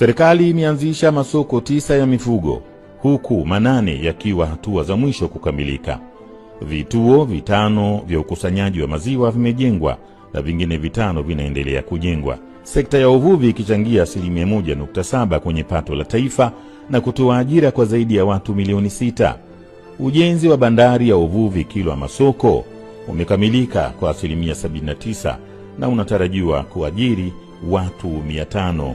Serikali imeanzisha masoko tisa ya mifugo huku manane yakiwa hatua za mwisho kukamilika. Vituo vitano vya ukusanyaji wa maziwa vimejengwa na vingine vitano vinaendelea kujengwa. Sekta ya uvuvi ikichangia asilimia moja nukta saba kwenye pato la taifa na kutoa ajira kwa zaidi ya watu milioni sita. Ujenzi wa bandari ya uvuvi Kilwa Masoko umekamilika kwa asilimia 79 na unatarajiwa kuajiri watu mia tano.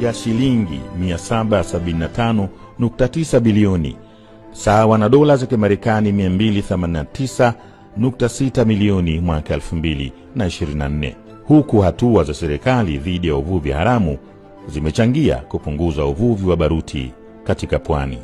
ya shilingi 775.9 bilioni sawa na dola za Kimarekani 289.6 milioni mwaka 2024, huku hatua za serikali dhidi ya uvuvi haramu zimechangia kupunguza uvuvi wa baruti katika pwani.